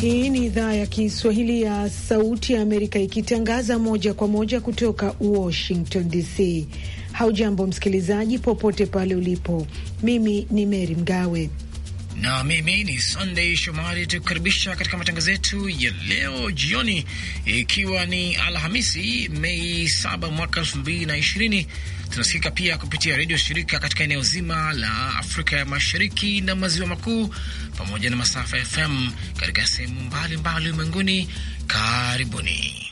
Hii ni idhaa ya Kiswahili ya Sauti ya Amerika ikitangaza moja kwa moja kutoka Washington DC. Haujambo msikilizaji, popote pale ulipo. Mimi ni Meri Mgawe na mimi ni Sunday Shomari, tukukaribisha katika matangazo yetu ya leo jioni, ikiwa ni Alhamisi Mei 7 mwaka 2020. Tunasikika pia kupitia redio shirika katika eneo zima la Afrika ya Mashariki na Maziwa Makuu, pamoja na masafa FM katika sehemu mbalimbali ulimwenguni. Karibuni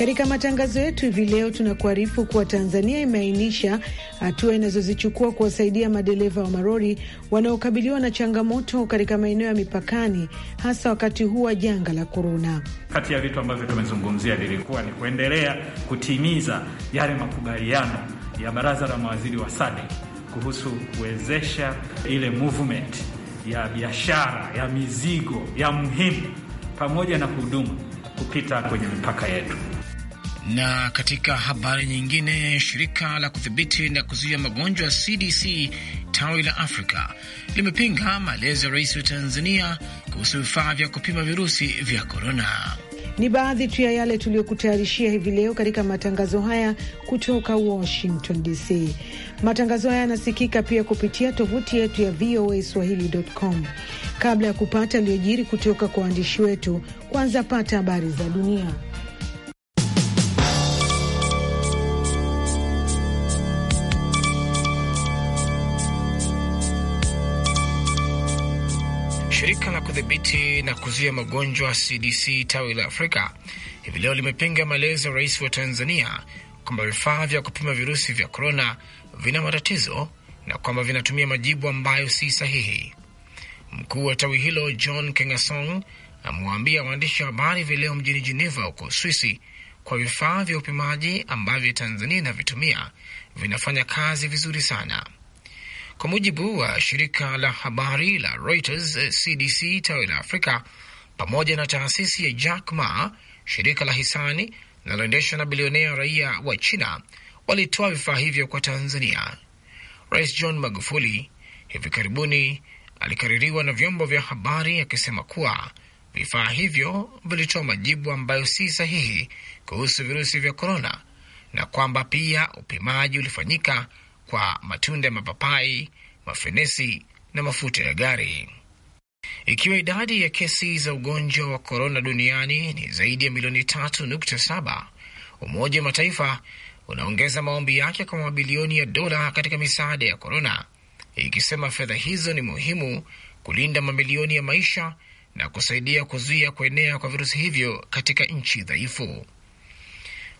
Katika matangazo yetu hivi leo tunakuarifu kuwa Tanzania imeainisha hatua inazozichukua kuwasaidia madereva wa malori wanaokabiliwa na changamoto katika maeneo ya mipakani, hasa wakati huu wa janga la korona. Kati ya vitu ambavyo tumezungumzia vilikuwa ni kuendelea kutimiza yale makubaliano ya baraza la mawaziri wa SADC kuhusu kuwezesha ile movement ya biashara ya mizigo ya muhimu pamoja na huduma kupita kwenye mipaka yetu. Na katika habari nyingine, shirika la kudhibiti na kuzuia magonjwa CDC tawi la Afrika limepinga maelezo ya rais wa Tanzania kuhusu vifaa vya kupima virusi vya korona. Ni baadhi tu ya yale tuliyokutayarishia hivi leo katika matangazo haya kutoka Washington DC. Matangazo haya yanasikika pia kupitia tovuti yetu ya VOA Swahili.com. Kabla ya kupata aliyojiri kutoka kwa waandishi wetu, kwanza pata habari za dunia. Shirika la kudhibiti na kuzuia magonjwa CDC tawi la Afrika hivi leo limepinga maelezo ya rais wa Tanzania kwamba vifaa vya kupima virusi vya korona vina matatizo na kwamba vinatumia majibu ambayo si sahihi. Mkuu wa tawi hilo John Kengasong amewaambia waandishi wa habari vileo mjini Geneva huko Uswisi kwa vifaa vya upimaji ambavyo Tanzania inavitumia vinafanya kazi vizuri sana. Kwa mujibu wa shirika la habari la Reuters, CDC tawi la Afrika pamoja na taasisi ya Jack Ma, shirika la hisani linaloendeshwa na bilionea raia wa China, walitoa vifaa hivyo kwa Tanzania. Rais John Magufuli hivi karibuni alikaririwa na vyombo vya habari akisema kuwa vifaa hivyo vilitoa majibu ambayo si sahihi kuhusu virusi vya korona na kwamba pia upimaji ulifanyika kwa matunda ya mapapai, mafenesi na mafuta ya gari. Ikiwa idadi ya kesi za ugonjwa wa korona duniani ni zaidi ya milioni tatu nukta saba, Umoja wa Mataifa unaongeza maombi yake kwa mabilioni ya dola katika misaada ya korona, ikisema fedha hizo ni muhimu kulinda mamilioni ya maisha na kusaidia kuzuia kuenea kwa virusi hivyo katika nchi dhaifu.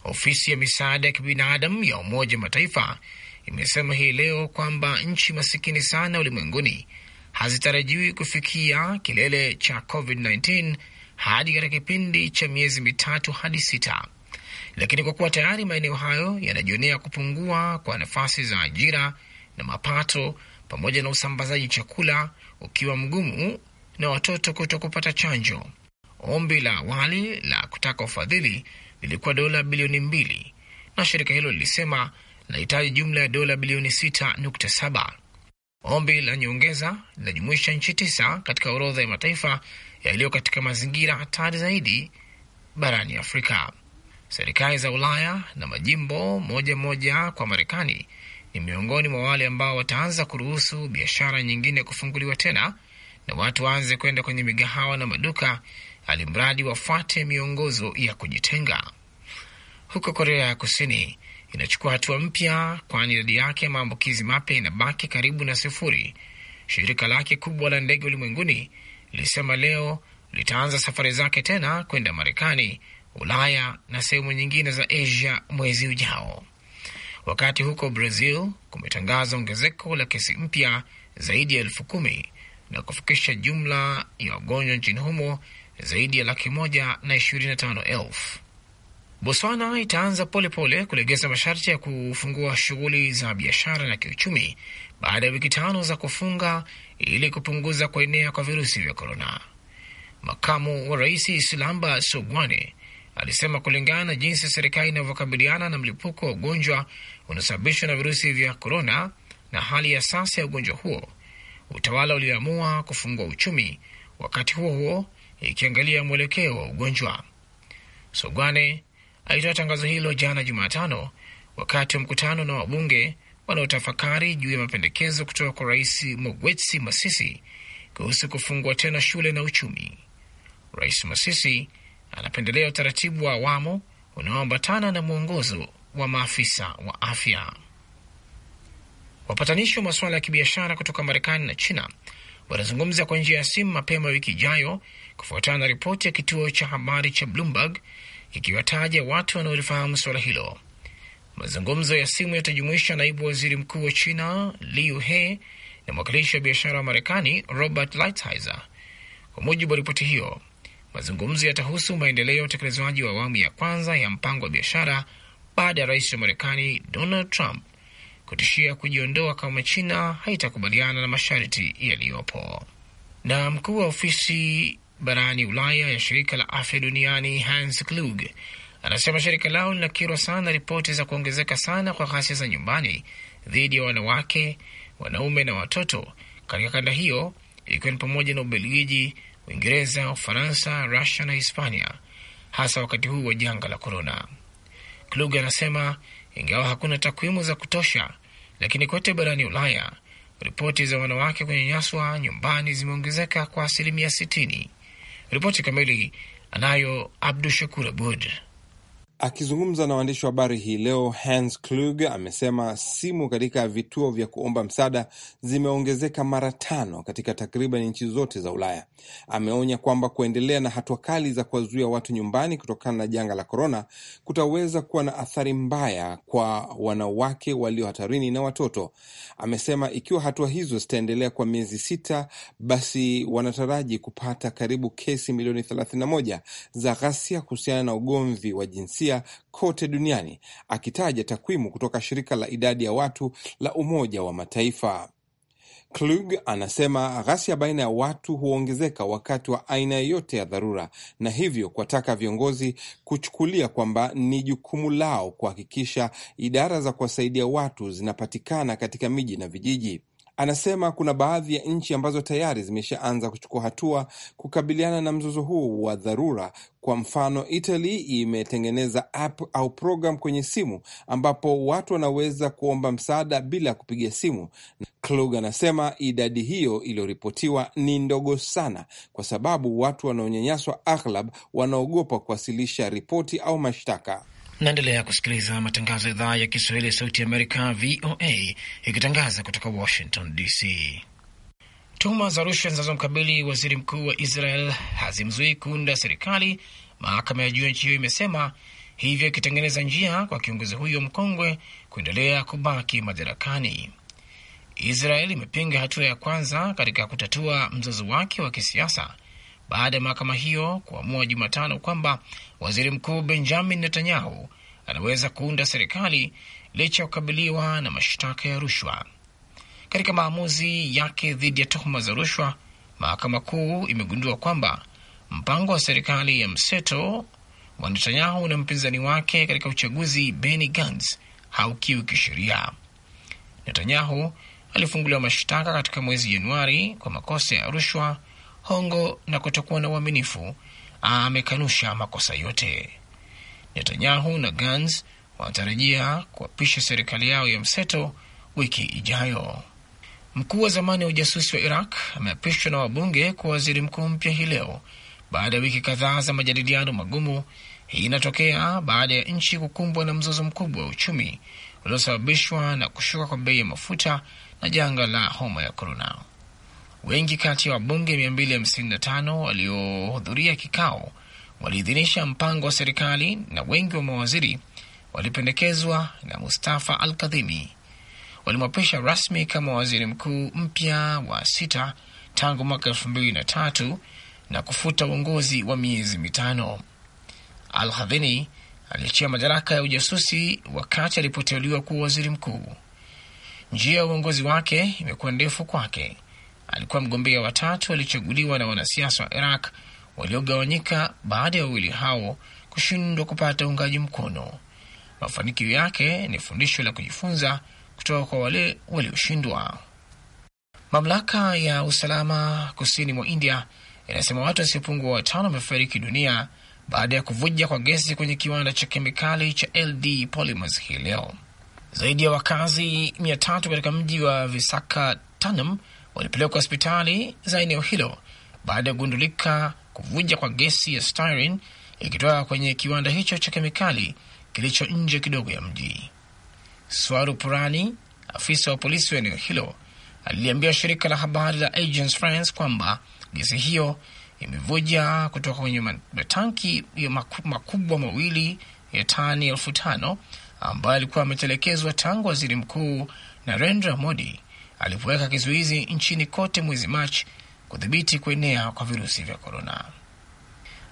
Ofisi ya misaada ya kibinadamu ya Umoja wa Mataifa imesema hii leo kwamba nchi masikini sana ulimwenguni hazitarajiwi kufikia kilele cha COVID-19 hadi katika kipindi cha miezi mitatu hadi sita, lakini kwa kuwa tayari maeneo hayo yanajionea kupungua kwa nafasi za ajira na mapato pamoja na usambazaji chakula ukiwa mgumu na watoto kuto kupata chanjo, ombi la awali la kutaka ufadhili lilikuwa dola bilioni mbili na shirika hilo lilisema linahitaji jumla ya dola bilioni 6.7. Ombi la nyongeza linajumuisha nchi tisa katika orodha ya mataifa yaliyo katika mazingira hatari zaidi barani Afrika. Serikali za Ulaya na majimbo moja moja kwa Marekani ni miongoni mwa wale ambao wataanza kuruhusu biashara nyingine kufunguliwa tena na watu waanze kwenda kwenye migahawa na maduka, alimradi wafuate miongozo ya kujitenga. Huko Korea ya Kusini, inachukua hatua mpya, kwani idadi yake ya maambukizi mapya inabaki karibu na sifuri. Shirika lake kubwa la ndege ulimwenguni lilisema leo litaanza safari zake tena kwenda Marekani, Ulaya na sehemu nyingine za Asia mwezi ujao. Wakati huko Brazil kumetangaza ongezeko la kesi mpya zaidi ya elfu kumi na kufikisha jumla ya wagonjwa nchini humo zaidi ya laki moja na ishirini na tano elfu. Botswana itaanza polepole kulegeza masharti ya kufungua shughuli za biashara na kiuchumi baada ya wiki tano za kufunga ili kupunguza kuenea kwa virusi vya korona. Makamu wa rais Silamba Sogwane alisema kulingana na jinsi serikali inavyokabiliana na mlipuko wa ugonjwa unaosababishwa na virusi vya korona na hali ya sasa ya ugonjwa huo, utawala uliamua kufungua uchumi, wakati huo huo ikiangalia mwelekeo wa ugonjwa. Sogwane alitoa tangazo hilo jana Jumatano wakati wa mkutano na wabunge wanaotafakari juu ya mapendekezo kutoka kwa Rais Mogwetsi Masisi kuhusu kufungua tena shule na uchumi. Rais Masisi anapendelea utaratibu wa awamu unaoambatana na mwongozo wa maafisa wa afya. Wapatanishi wa masuala ya kibiashara kutoka Marekani na China wanazungumza kwa njia ya simu mapema wiki ijayo kufuatana na ripoti ya kituo cha habari cha Bloomberg ikiwataja watu wanaolifahamu suala hilo. Mazungumzo ya simu yatajumuisha naibu waziri mkuu wa China Liu He na mwakilishi wa biashara wa Marekani Robert Lighthizer. Kwa mujibu wa ripoti hiyo, mazungumzo yatahusu maendeleo ya utekelezaji wa awamu ya kwanza ya mpango wa biashara baada ya rais wa Marekani Donald Trump kutishia kujiondoa kama China haitakubaliana na masharti yaliyopo. Na mkuu wa ofisi barani Ulaya ya shirika la afya duniani Hans Kluge anasema shirika lao linakirwa sana ripoti za kuongezeka sana kwa ghasia za nyumbani dhidi ya wanawake, wanaume na watoto katika kanda hiyo, ikiwa ni pamoja na Ubelgiji, Uingereza, Ufaransa, Rusia na Hispania, hasa wakati huu wa janga la korona. Kluge anasema ingawa hakuna takwimu za kutosha, lakini kote barani Ulaya ripoti za wanawake kunyanyaswa nyumbani zimeongezeka kwa asilimia sitini. Ripoti kamili anayo Abdu Shakur Abud. Akizungumza na waandishi wa habari hii leo, Hans Kluge amesema simu katika vituo vya kuomba msaada zimeongezeka mara tano katika takriban nchi zote za Ulaya. Ameonya kwamba kuendelea na hatua kali za kuwazuia watu nyumbani kutokana na janga la korona kutaweza kuwa na athari mbaya kwa wanawake walio hatarini na watoto. Amesema ikiwa hatua hizo zitaendelea kwa miezi sita, basi wanataraji kupata karibu kesi milioni 31 za ghasia kuhusiana na ugomvi wa jinsia demokrasia kote duniani akitaja takwimu kutoka shirika la idadi ya watu la Umoja wa Mataifa. Klug anasema ghasia baina ya watu huongezeka wakati wa aina yeyote ya dharura, na hivyo kuwataka viongozi kuchukulia kwamba ni jukumu lao kuhakikisha idara za kuwasaidia watu zinapatikana katika miji na vijiji. Anasema kuna baadhi ya nchi ambazo tayari zimeshaanza kuchukua hatua kukabiliana na mzozo huo wa dharura. Kwa mfano, Italy imetengeneza app au program kwenye simu ambapo watu wanaweza kuomba msaada bila kupiga simu. Klug anasema idadi hiyo iliyoripotiwa ni ndogo sana, kwa sababu watu wanaonyanyaswa aghlab wanaogopa kuwasilisha ripoti au mashtaka. Naendelea kusikiliza matangazo ya idhaa ya Kiswahili ya Sauti ya Amerika, VOA, ikitangaza kutoka Washington DC. Tuhuma za rushwa zinazomkabili waziri mkuu wa Israel hazimzuii kuunda serikali, mahakama ya juu ya nchi hiyo imesema hivyo, ikitengeneza njia kwa kiongozi huyo mkongwe kuendelea kubaki madarakani. Israel imepinga hatua ya kwanza katika kutatua mzozo wake wa kisiasa baada ya mahakama hiyo kuamua Jumatano kwamba waziri mkuu Benjamin Netanyahu anaweza kuunda serikali licha ya kukabiliwa na mashtaka ya rushwa. Katika maamuzi yake dhidi ya tuhuma za rushwa, mahakama kuu imegundua kwamba mpango wa serikali ya mseto wa Netanyahu na mpinzani wake katika uchaguzi Benny Gantz haukiwi kisheria Netanyahu alifunguliwa mashtaka katika mwezi Januari kwa makosa ya rushwa hongo na kutokuwa na uaminifu, amekanusha makosa yote. Netanyahu na Gans wanatarajia kuapisha serikali yao ya mseto wiki ijayo. Mkuu wa zamani wa ujasusi wa Iraq ameapishwa na wabunge kwa waziri mkuu mpya hii leo baada ya wiki kadhaa za majadiliano magumu. Hii inatokea baada ya nchi kukumbwa na mzozo mkubwa wa uchumi uliosababishwa na kushuka kwa bei ya mafuta na janga la homa ya korona. Wengi kati ya wabunge 255 waliohudhuria kikao waliidhinisha mpango wa serikali na wengi wa mawaziri walipendekezwa na Mustafa Al Kadhimi. Walimwapisha rasmi kama waziri mkuu mpya wa sita tangu mwaka elfu mbili na tatu na kufuta uongozi wa miezi mitano. Al Kadhimi aliachia madaraka ya ujasusi wakati alipoteuliwa kuwa waziri mkuu. Njia ya uongozi wake imekuwa ndefu kwake alikuwa mgombea watatu aliyechaguliwa na wanasiasa wa Iraq waliogawanyika baada ya wawili hao kushindwa kupata uungaji mkono. Mafanikio yake ni fundisho la kujifunza kutoka kwa wale walioshindwa. Mamlaka ya usalama kusini mwa India inasema watu wasiopungua watano wamefariki dunia baada ya kuvuja kwa gesi kwenye kiwanda cha kemikali cha LD Polymers hii leo. Zaidi ya wakazi mia tatu katika mji wa Visakatanam walipelekwa hospitali za eneo hilo baada ya kugundulika kuvuja kwa gesi ya styrene ikitoka kwenye kiwanda hicho cha kemikali kilicho nje kidogo ya mji. Swaru Purani, afisa wa polisi wa eneo hilo, aliliambia shirika la habari la Agence France kwamba gesi hiyo imevuja kutoka kwenye matanki makubwa mawili ya tani elfu tano ambayo alikuwa ametelekezwa tangu waziri mkuu Narendra Modi alivyoweka kizuizi nchini kote mwezi Machi kudhibiti kuenea kwa virusi vya korona.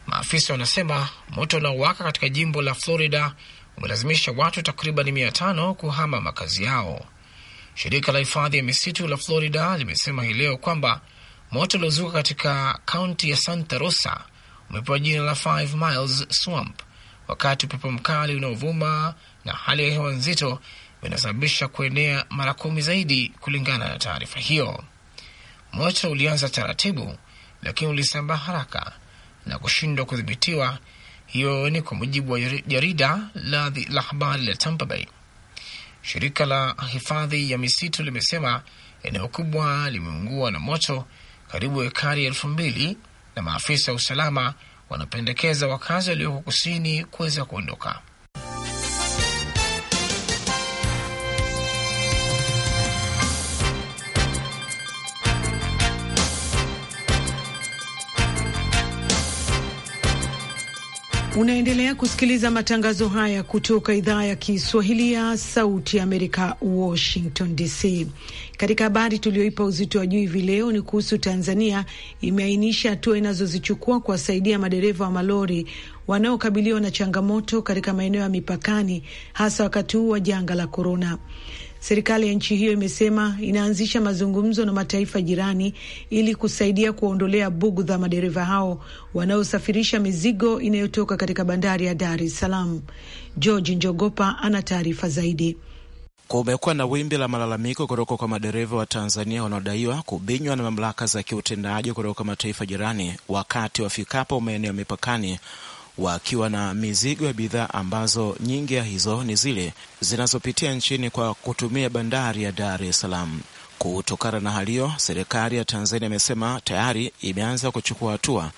Maafisa wanasema moto unaowaka katika jimbo la Florida umelazimisha watu takriban mia tano kuhama makazi yao. Shirika la hifadhi ya misitu la Florida limesema hii leo kwamba moto uliozuka katika kaunti ya Santa Rosa umepewa jina la Five Miles Swamp wakati upepo mkali unaovuma na hali ya hewa nzito vinasababisha kuenea mara kumi zaidi, kulingana na taarifa hiyo. Moto ulianza taratibu, lakini ulisambaa haraka na kushindwa kudhibitiwa. Hiyo ni kwa mujibu wa jarida la, la habari la Tampa Bay. Shirika la hifadhi ya misitu limesema eneo kubwa limeungua na moto, karibu ekari elfu mbili, na maafisa wa usalama wanapendekeza wakazi walioko kusini kuweza kuondoka. Unaendelea kusikiliza matangazo haya kutoka idhaa ya Kiswahili ya Sauti ya Amerika, Washington DC. Katika habari tuliyoipa uzito wa juu hivi leo ni kuhusu Tanzania imeainisha hatua inazozichukua kuwasaidia madereva wa malori wanaokabiliwa na changamoto katika maeneo ya mipakani, hasa wakati huu wa janga la korona. Serikali ya nchi hiyo imesema inaanzisha mazungumzo na mataifa jirani ili kusaidia kuwaondolea bugdha madereva hao wanaosafirisha mizigo inayotoka katika bandari ya Dar es Salaam. George Njogopa ana taarifa zaidi. Kumekuwa na wimbi la malalamiko kutoka kwa madereva wa Tanzania wanaodaiwa kubinywa na mamlaka za kiutendaji kutoka mataifa jirani wakati wafikapo maeneo mipakani wakiwa na mizigo ya bidhaa ambazo nyingi ya hizo ni zile zinazopitia nchini kwa kutumia bandari ya Dar es Salaam. Kutokana na hali hiyo, serikali ya Tanzania imesema tayari imeanza kuchukua hatua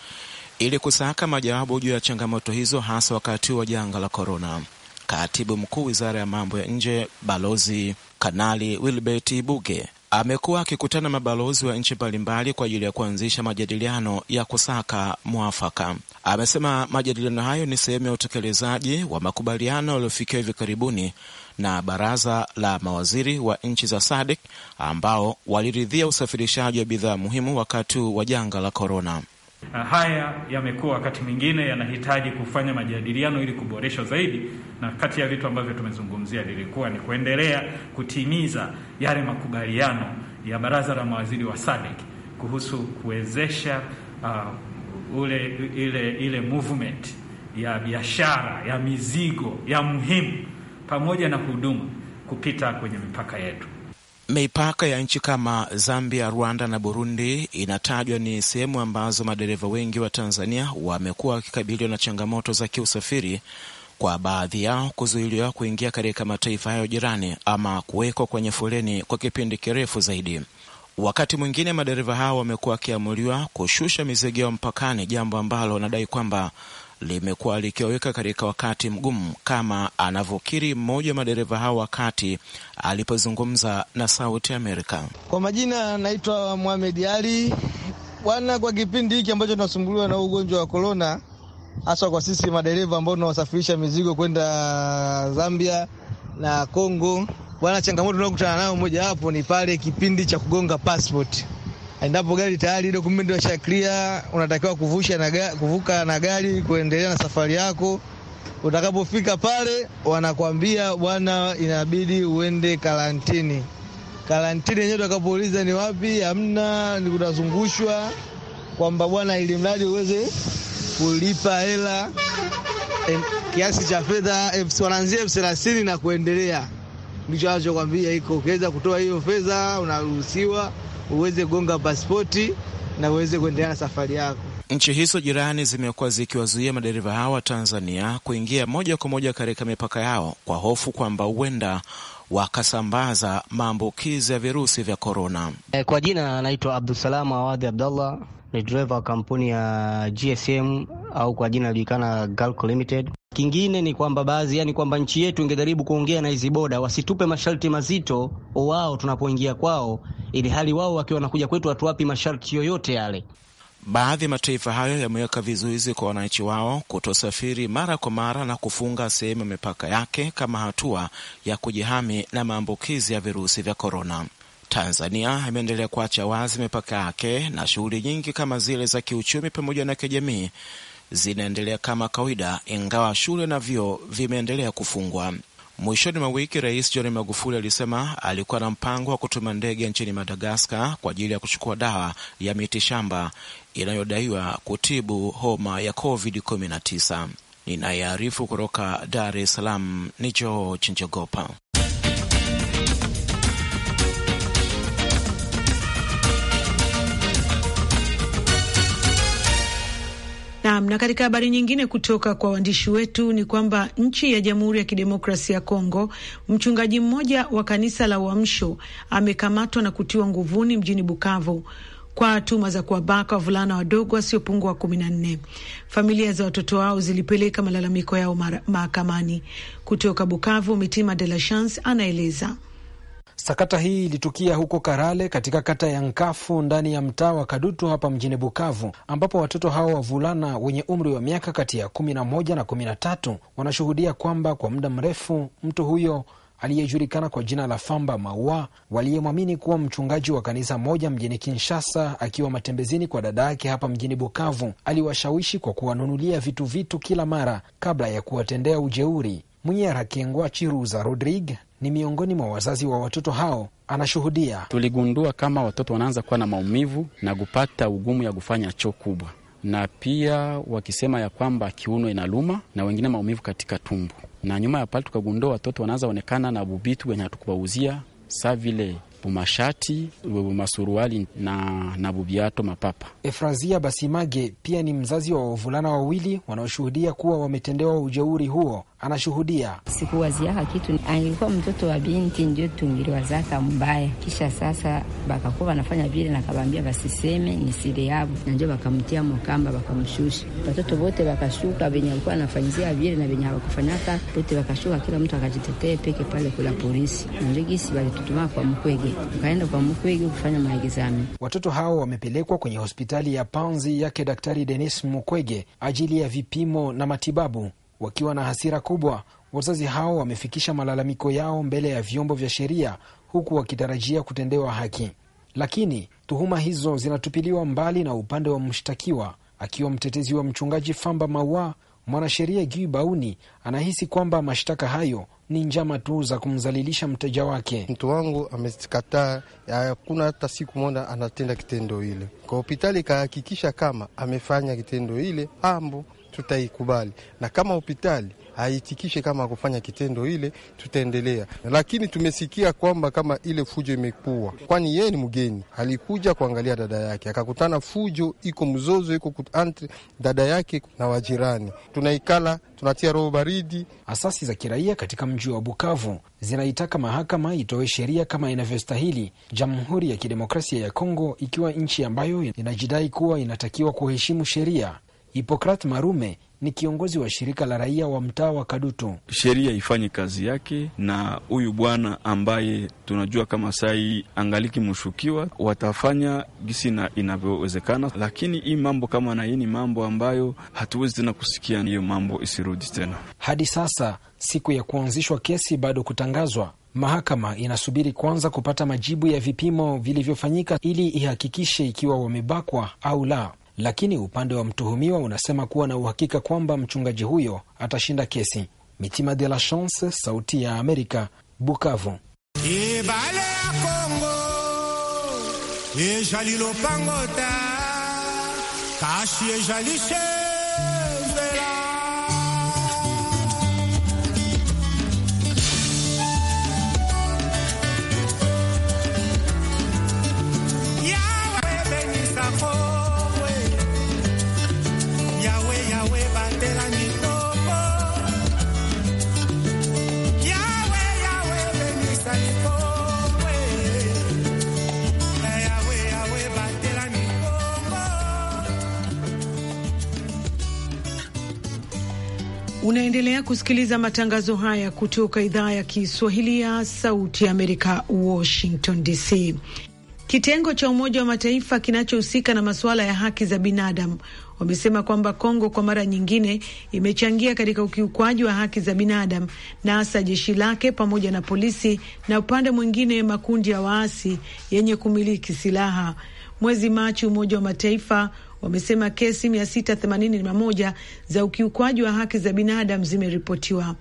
ili kusaka majawabu juu ya changamoto hizo, hasa wakati wa janga la korona. Katibu mkuu wizara ya mambo ya nje Balozi Kanali Wilbert Ibuge amekuwa akikutana mabalozi wa nchi mbalimbali kwa ajili ya kuanzisha majadiliano ya kusaka mwafaka. Amesema majadiliano hayo ni sehemu ya utekelezaji wa makubaliano yaliyofikiwa hivi karibuni na baraza la mawaziri wa nchi za SADC ambao waliridhia usafirishaji wa bidhaa muhimu wakati wa janga la korona. Haya yamekuwa wakati mwingine yanahitaji kufanya majadiliano ili kuboresha zaidi, na kati ya vitu ambavyo tumezungumzia lilikuwa ni kuendelea kutimiza yale makubaliano ya baraza la mawaziri wa SADC kuhusu kuwezesha uh, ule ile ile movement ya biashara ya mizigo ya muhimu pamoja na huduma kupita kwenye mipaka yetu. Mipaka ya nchi kama Zambia, Rwanda na Burundi inatajwa ni sehemu ambazo madereva wengi wa Tanzania wamekuwa wakikabiliwa na changamoto za kiusafiri, kwa baadhi yao kuzuiliwa kuingia katika mataifa hayo jirani ama kuwekwa kwenye foleni kwa kipindi kirefu zaidi. Wakati mwingine madereva hao wamekuwa wakiamuliwa kushusha mizigo yao mpakani, jambo ambalo wanadai kwamba limekuwa likiwaweka katika wakati mgumu, kama anavyokiri mmoja wa madereva hao wakati alipozungumza na Sauti Amerika. Kwa majina anaitwa Mohamed Ali. Bwana, kwa kipindi hiki ambacho tunasumbuliwa na ugonjwa wa korona, haswa kwa sisi madereva ambao tunawasafirisha mizigo kwenda Zambia na Kongo, bwana, changamoto tunayokutana nayo mojawapo ni pale kipindi cha kugonga passport endapo gari tayari dokumenti washa clear, unatakiwa kuvusha na gari, kuvuka na gari kuendelea na safari yako. Utakapofika pale wanakwambia bwana, inabidi uende karantini. Karantini yenyewe utakapouliza ni wapi, hamna, ni kutazungushwa kwamba bwana, ili mradi uweze kulipa hela kiasi cha fedha wanaanzia elfu thelathini na kuendelea, ndicho anachokwambia. Iko ukiweza kutoa hiyo fedha unaruhusiwa uweze kugonga paspoti na uweze kuendelea na safari yako. Nchi hizo jirani zimekuwa zikiwazuia madereva hao wa Tanzania kuingia moja kwa moja katika mipaka yao kwa hofu kwamba huenda wakasambaza maambukizi ya virusi vya korona. Eh, kwa jina anaitwa Abdusalamu Awadhi Abdallah ni dreva wa kampuni ya GSM au kwa jina linajulikana Galco Limited. Kingine ni kwamba baadhi, yani kwamba nchi yetu ingejaribu kuongea na hizi boda, wasitupe masharti mazito wao tunapoingia kwao, ili hali wao wakiwa wanakuja kwetu hatuwapi masharti yoyote yale. Baadhi ya mataifa hayo yameweka vizuizi kwa wananchi wao kutosafiri mara kwa mara na kufunga sehemu ya mipaka yake kama hatua ya kujihami na maambukizi ya virusi vya korona. Tanzania imeendelea kuacha wazi mipaka yake na shughuli nyingi kama zile za kiuchumi pamoja na kijamii zinaendelea kama kawaida, ingawa shule na vyuo vimeendelea kufungwa. Mwishoni mwa wiki, Rais John Magufuli alisema alikuwa na mpango wa kutuma ndege nchini Madagaskar kwa ajili ya kuchukua dawa ya mitishamba inayodaiwa kutibu homa ya COVID-19. Ninayearifu kutoka Dar es Salaam ni George Njogopa. Naam, Na katika habari nyingine kutoka kwa waandishi wetu ni kwamba nchi ya Jamhuri ya Kidemokrasia ya Kongo, mchungaji mmoja wa kanisa la Uamsho amekamatwa na kutiwa nguvuni mjini Bukavu kwa tuma za kuwabaka wavulana wadogo wasiopungua kumi na nne. Familia za watoto wao zilipeleka malalamiko yao mahakamani. Kutoka Bukavu, Mitima De La Chance anaeleza. Sakata hii ilitukia huko Karale katika kata ya Nkafu ndani ya mtaa wa Kadutu hapa mjini Bukavu, ambapo watoto hawa wavulana wenye umri wa miaka kati ya kumi na moja na kumi na tatu wanashuhudia kwamba kwa muda mrefu mtu huyo aliyejulikana kwa jina la Famba Maua waliyemwamini kuwa mchungaji wa kanisa moja mjini Kinshasa, akiwa matembezini kwa dada yake hapa mjini Bukavu, aliwashawishi kwa kuwanunulia vitu vitu kila mara kabla ya kuwatendea ujeuri. Mnyera Rakengwa Chiruza Rodrigue ni miongoni mwa wazazi wa watoto hao. Anashuhudia, tuligundua kama watoto wanaanza kuwa na maumivu na kupata ugumu ya kufanya choo kubwa, na pia wakisema ya kwamba kiuno inaluma na wengine maumivu katika tumbo, na nyuma ya pale tukagundua watoto wanaanza onekana na bubitu wenye hatukuwauzia saa vile bumashati bumasuruali na, na bubiato mapapa. Efrazia Basimage pia ni mzazi wa wavulana wawili wanaoshuhudia kuwa wametendewa ujeuri huo. Anashuhudia sikuwaziaka kitu, alikuwa mtoto wa binti ndio tungiliwazaka mbaya, kisha sasa bakakuwa wanafanya vile, nakabambia basiseme ni siri yabo, na ndio bakamtia mokamba, bakamshusha. Watoto wote bakashuka, venye alikuwa anafanyizia vile na venye hawakufanyaka wote bakashuka, kila mtu akajitetee peke pale kula polisi, na ndio gisi walitutumaa kwa mkwege tukaenda kwa mkwege kufanya maegezano. Watoto hao wamepelekwa kwenye hospitali ya Panzi yake Daktari Denis Mukwege ajili ya vipimo na matibabu. Wakiwa na hasira kubwa, wazazi hao wamefikisha malalamiko yao mbele ya vyombo vya sheria, huku wakitarajia kutendewa haki, lakini tuhuma hizo zinatupiliwa mbali na upande wa mshtakiwa, akiwa mtetezi wa mchungaji Famba Maua. Mwanasheria Gui Bauni anahisi kwamba mashtaka hayo ni njama tu za kumzalilisha mteja wake. Mtu wangu amekataa hakuna hata siku moja anatenda kitendo ile. Kwa hopitali ikahakikisha kama amefanya kitendo ile ambo tutaikubali, na kama hospitali haitikishe kama kufanya kitendo ile, tutaendelea. Lakini tumesikia kwamba kama ile fujo imekuwa, kwani yeye ni mgeni, alikuja kuangalia dada yake, akakutana fujo, iko mzozo, iko kuantre dada yake na wajirani. Tunaikala tunatia roho baridi. Asasi za kiraia katika mji wa Bukavu zinaitaka mahakama itoe sheria kama inavyostahili, Jamhuri ya Kidemokrasia ya Kongo ikiwa nchi ambayo inajidai kuwa inatakiwa kuheshimu sheria. Hipokrat Marume ni kiongozi wa shirika la raia wa mtaa wa Kadutu. Sheria ifanye kazi yake, na huyu bwana ambaye tunajua kama sai angaliki mshukiwa, watafanya gisi na inavyowezekana, lakini hii mambo kama na hii ni mambo ambayo hatuwezi tena kusikia, hiyo mambo isirudi tena. Hadi sasa siku ya kuanzishwa kesi bado kutangazwa. Mahakama inasubiri kwanza kupata majibu ya vipimo vilivyofanyika ili ihakikishe ikiwa wamebakwa au la lakini upande wa mtuhumiwa unasema kuwa na uhakika kwamba mchungaji huyo atashinda kesi. Mitima de la Chance, Sauti ya Amerika, Bukavu. Ibale ya Kongo kashi ejalishe Unaendelea kusikiliza matangazo haya kutoka idhaa ya Kiswahili ya Sauti ya Amerika, Washington DC. Kitengo cha Umoja wa Mataifa kinachohusika na masuala ya haki za binadamu wamesema kwamba Kongo kwa mara nyingine imechangia katika ukiukwaji wa haki za binadamu na hasa jeshi lake pamoja na polisi na upande mwingine makundi ya waasi yenye kumiliki silaha. Mwezi Machi, Umoja wa Mataifa wamesema kesi 681 za ukiukwaji wa haki za binadamu zimeripotiwa.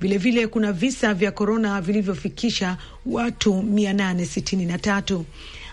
Vilevile kuna visa vya korona vilivyofikisha watu 863.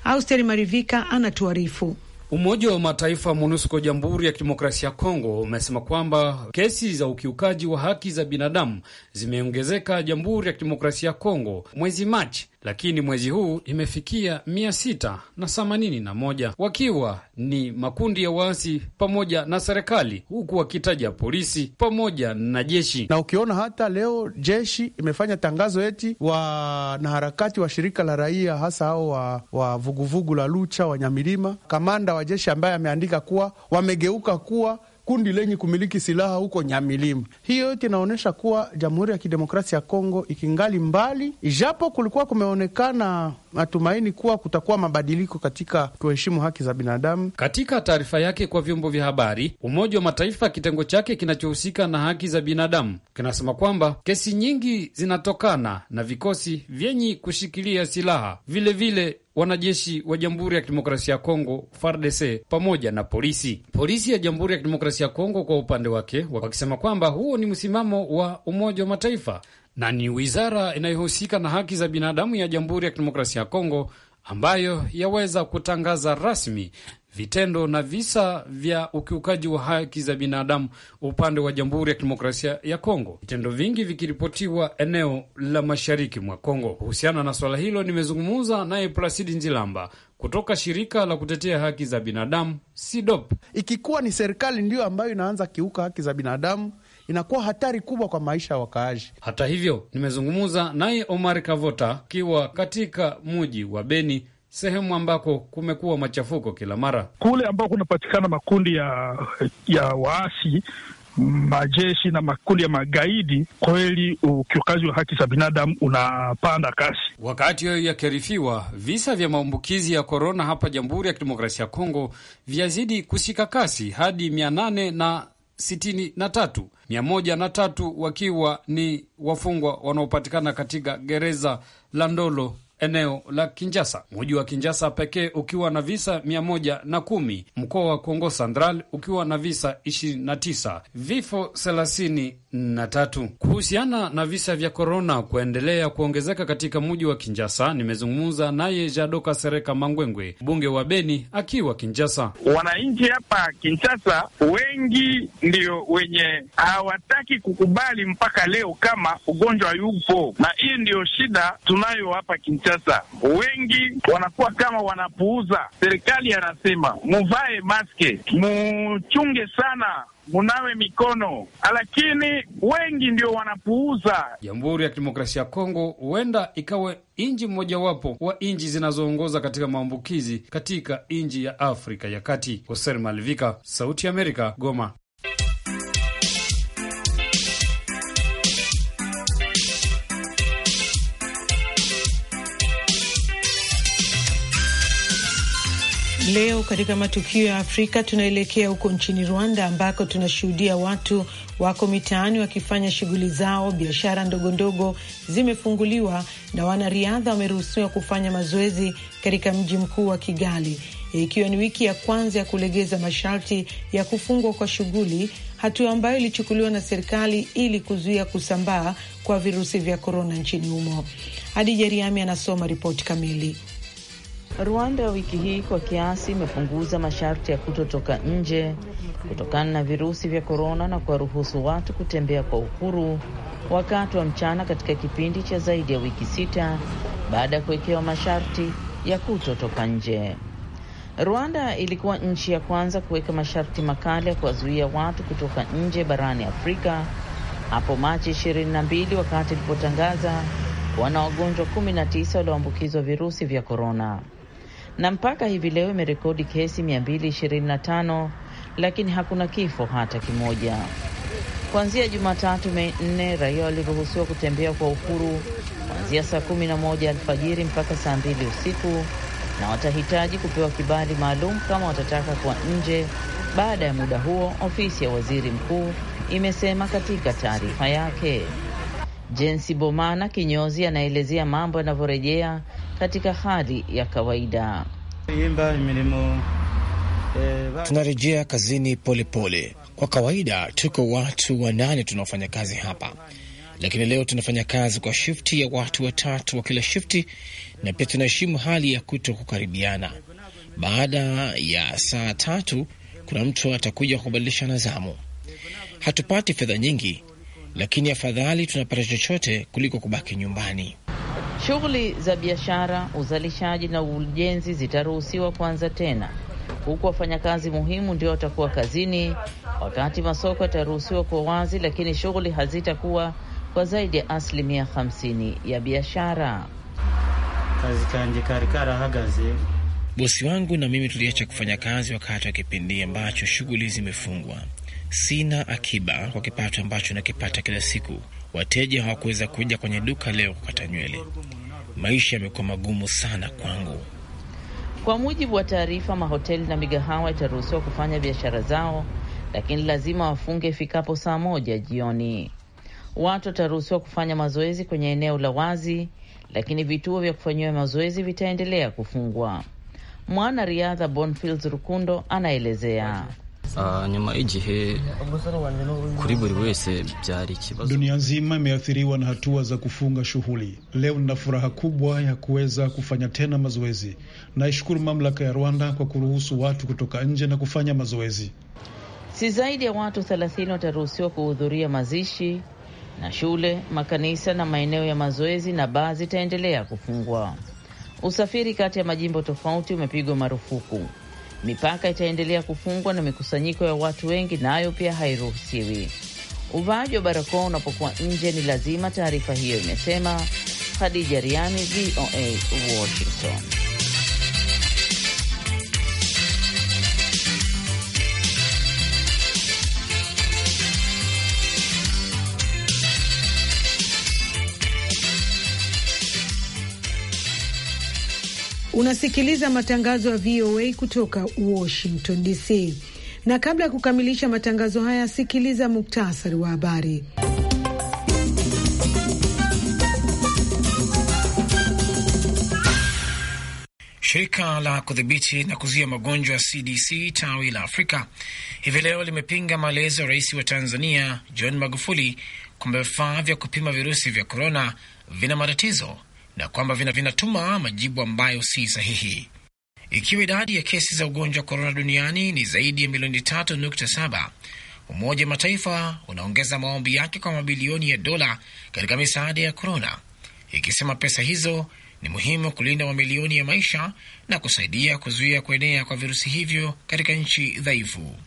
Austeri Marivika anatuarifu. Umoja wa Mataifa MONUSCO Jamhuri ya Kidemokrasia ya Kongo umesema kwamba kesi za ukiukaji wa haki za binadamu zimeongezeka Jamhuri ya Kidemokrasia ya Kongo. Mwezi Machi lakini mwezi huu imefikia mia sita na na moja wakiwa ni makundi ya waasi pamoja na serikali, huku wakitaja polisi pamoja na jeshi. Na ukiona hata leo jeshi imefanya tangazo eti wanaharakati wa shirika la raia hasa hao wa, wa vuguvugu la Lucha Wanyamilima, kamanda wa jeshi ambaye ameandika kuwa wamegeuka kuwa kundi lenye kumiliki silaha huko Nyamilima. Hiyo yote inaonyesha kuwa Jamhuri ya Kidemokrasia ya Kongo ikingali mbali, ijapo kulikuwa kumeonekana matumaini kuwa kutakuwa mabadiliko katika kuheshimu haki za binadamu. Katika taarifa yake kwa vyombo vya habari, Umoja wa Mataifa kitengo chake kinachohusika na haki za binadamu kinasema kwamba kesi nyingi zinatokana na vikosi vyenye kushikilia silaha vilevile wanajeshi wa Jamhuri ya Kidemokrasia ya Kongo FARDC pamoja na polisi. Polisi ya Jamhuri ya Kidemokrasia ya Kongo kwa upande wake wakisema kwamba huo ni msimamo wa Umoja wa Mataifa na ni wizara inayohusika na haki za binadamu ya Jamhuri ya Kidemokrasia ya Kongo ambayo yaweza kutangaza rasmi vitendo na visa vya ukiukaji wa haki za binadamu upande wa Jamhuri ya Kidemokrasia ya Kongo, vitendo vingi vikiripotiwa eneo la mashariki mwa Kongo. Kuhusiana na swala hilo, nimezungumza naye Plasidi Njilamba kutoka shirika la kutetea haki za binadamu SIDOP. Ikikuwa ni serikali ndiyo ambayo inaanza kiuka haki za binadamu inakuwa hatari kubwa kwa maisha ya wakaaji. Hata hivyo, nimezungumza naye Omar Kavota akiwa katika muji wa Beni sehemu ambako kumekuwa machafuko kila mara, kule ambao kunapatikana makundi ya, ya waasi majeshi na makundi ya magaidi, kweli ukiukaji wa haki za binadamu unapanda kasi. Wakati hayo yakiarifiwa visa vya maambukizi ya korona hapa Jamhuri ya Kidemokrasia ya Kongo vyazidi kushika kasi hadi mia nane na sitini na tatu, mia moja na tatu wakiwa ni wafungwa wanaopatikana katika gereza la Ndolo eneo la Kinjasa, muji wa Kinjasa pekee ukiwa na visa mia moja na kumi, mkoa wa Kongo Central ukiwa na visa ishirini na tisa, vifo thelathini na tatu. Kuhusiana na visa vya korona kuendelea kuongezeka katika muji wa Kinjasa, nimezungumza naye Jadoka Sereka Mangwengwe, mbunge wa Beni akiwa Kinjasa. Wananchi hapa Kinjasa wengi ndio wenye hawataki kukubali mpaka leo kama ugonjwa yupo, na hii ndiyo shida tunayo hapa Kinjasa sasa wengi wanakuwa kama wanapuuza. Serikali anasema muvae maske, muchunge sana munawe mikono, lakini wengi ndio wanapuuza. Jamhuri ya Kidemokrasia ya Kongo huenda ikawa nchi mmojawapo wa nchi zinazoongoza katika maambukizi katika nchi ya Afrika ya Kati. Hoser Malivika, Sauti ya Amerika, Goma. Leo katika matukio ya Afrika tunaelekea huko nchini Rwanda ambako tunashuhudia watu wako mitaani wakifanya shughuli zao. Biashara ndogo ndogo zimefunguliwa na wanariadha wameruhusiwa kufanya mazoezi katika mji mkuu wa Kigali, ikiwa ni wiki ya kwanza ya kulegeza masharti ya kufungwa kwa shughuli, hatua ambayo ilichukuliwa na serikali ili kuzuia kusambaa kwa virusi vya korona nchini humo. Hadija Riami anasoma ripoti kamili. Rwanda wiki hii kwa kiasi imepunguza masharti ya kutotoka nje kutokana na virusi vya korona na kuwaruhusu watu kutembea kwa uhuru wakati wa mchana katika kipindi cha zaidi ya wiki sita baada ya kuwekewa masharti ya kutotoka nje. Rwanda ilikuwa nchi ya kwanza kuweka masharti makali ya kuwazuia watu kutoka nje barani Afrika hapo Machi 22 wakati ilipotangaza wana wagonjwa 19 walioambukizwa virusi vya korona na mpaka hivi leo imerekodi kesi 225 lakini hakuna kifo hata kimoja. Kuanzia Jumatatu Mei nne, raia waliruhusiwa kutembea kwa uhuru kuanzia saa 11 alfajiri mpaka saa 2 usiku, na watahitaji kupewa kibali maalum kama watataka kwa nje. Baada ya muda huo, ofisi ya waziri mkuu imesema katika taarifa yake. Jensi Bomana kinyozi anaelezea mambo yanavyorejea katika hali ya kawaida. Eh, Tunarejea kazini polepole pole. Kwa kawaida tuko watu wanane tunaofanya kazi hapa, lakini leo tunafanya kazi kwa shifti ya watu watatu wa kila shifti, na pia tunaheshimu hali ya kuto kukaribiana. Baada ya saa tatu kuna mtu atakuja kubadilishana zamu. Hatupati fedha nyingi, lakini afadhali tunapata chochote kuliko kubaki nyumbani. Shughuli za biashara, uzalishaji na ujenzi zitaruhusiwa kuanza tena, huku wafanyakazi muhimu ndio watakuwa kazini, wakati masoko yataruhusiwa kwa wazi, lakini shughuli hazitakuwa kwa zaidi ya asilimia 50 ya biashara. Bosi wangu na mimi tuliacha kufanya kazi wakati wa kipindi ambacho shughuli zimefungwa. Sina akiba kwa kipato ambacho nakipata kila siku Wateja hawakuweza kuja kwenye duka leo kukata nywele. Maisha yamekuwa magumu sana kwangu. Kwa mujibu wa taarifa, mahoteli na migahawa itaruhusiwa kufanya biashara zao, lakini lazima wafunge ifikapo saa moja jioni. Watu wataruhusiwa kufanya mazoezi kwenye eneo la wazi, lakini vituo vya kufanyiwa mazoezi vitaendelea kufungwa. Mwana riadha Bonfield Rukundo anaelezea. Ah, nyuma igihe kuri buri wese byari ikibazo. Dunia nzima imeathiriwa na hatua za kufunga shughuli. Leo nina furaha kubwa ya kuweza kufanya tena mazoezi. Naishukuru mamlaka ya Rwanda kwa kuruhusu watu kutoka nje na kufanya mazoezi. Si zaidi ya watu 30 wataruhusiwa kuhudhuria mazishi na shule, makanisa na maeneo ya mazoezi na baa zitaendelea kufungwa. Usafiri kati ya majimbo tofauti umepigwa marufuku. Mipaka itaendelea kufungwa na mikusanyiko ya watu wengi nayo na pia hairuhusiwi. Uvaaji wa barakoa unapokuwa nje ni lazima, taarifa hiyo imesema. Khadija riani VOA Washington. Unasikiliza matangazo ya VOA kutoka Washington DC, na kabla ya kukamilisha matangazo haya, sikiliza muktasari wa habari. Shirika la kudhibiti na kuzuia magonjwa CDC tawi la Afrika hivi leo limepinga maelezo ya rais wa Tanzania John Magufuli kwamba vifaa vya kupima virusi vya korona vina matatizo na kwamba vinatuma majibu ambayo si sahihi. Ikiwa idadi ya kesi za ugonjwa wa korona duniani ni zaidi ya milioni 3.7, Umoja wa Mataifa unaongeza maombi yake kwa mabilioni ya dola katika misaada ya korona, ikisema pesa hizo ni muhimu kulinda mamilioni ya maisha na kusaidia kuzuia kuenea kwa virusi hivyo katika nchi dhaifu.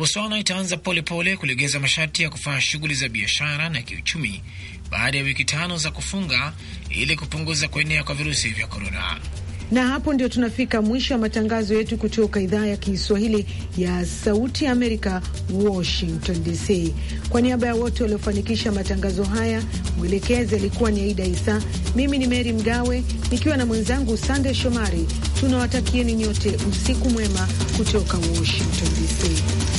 Botswana itaanza polepole kulegeza masharti ya kufanya shughuli za biashara na kiuchumi baada ya wiki tano za kufunga ili kupunguza kuenea kwa virusi vya korona. Na hapo ndio tunafika mwisho wa matangazo yetu kutoka idhaa ya Kiswahili ya Sauti ya Amerika, Washington DC. Kwa niaba ya wote waliofanikisha matangazo haya, mwelekezi alikuwa ni Aida Isa, mimi ni Meri Mgawe nikiwa na mwenzangu Sande Shomari. Tunawatakieni nyote usiku mwema kutoka Washington DC.